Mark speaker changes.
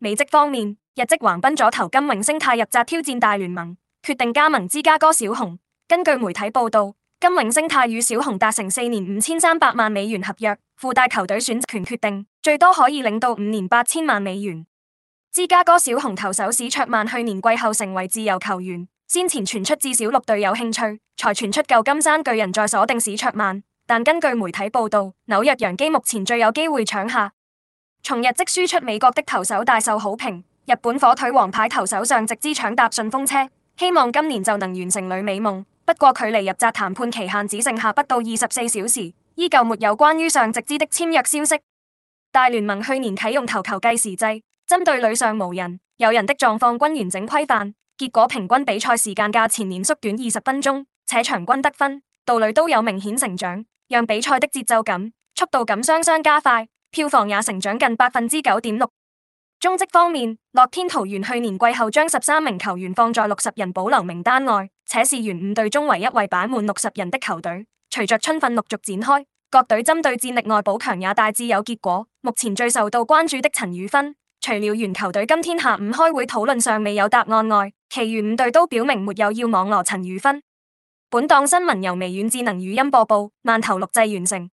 Speaker 1: 美職方面，日職橫濱左投今永升太入札挑戰大聯盟，決定加盟芝加哥小熊。根據媒體報道，今永升太與小熊達成四年五千三百萬美元合約，附帶球隊選擇權，決定最多可以領到五年八千萬美元。芝加哥小熊投手史卓曼去年季後成為自由球員，先前傳出至少六隊有興趣，才傳出舊金山巨人在鎖定史卓曼，但根據媒體報道，紐約洋基目前最有機會搶下。從日職輸出美國的投手大受好評，日本火腿王牌投手上直之搶搭順風車，希望今年就能完成旅美夢。不過，距離入札談判期限只剩下不到二十四小時，依舊沒有關於上直之的簽約消息。大聯盟去年啟用投球計時制，針對壘上無人、有人的狀況均完整規範，結果平均比賽時間較前年縮短二十分鐘，且場均得分、盜壘都有明顯成長，讓比賽的節奏感、速度感雙雙加快。票房也成長近百分之九點六。中職方面，樂天桃園去年季後將十三名球員放在六十人保留名單外，且是原五隊中唯一位擺滿六十人的球隊。隨着春訓陸續展開，各隊針對戰力外補強也大致有結果。目前最受到關注的陳宇芬，除了原球隊今天下午開會討論尚未有答案外，其餘五隊都表明沒有要網羅陳宇芬。本檔新聞由微軟智能語音播報，慢頭錄製完成。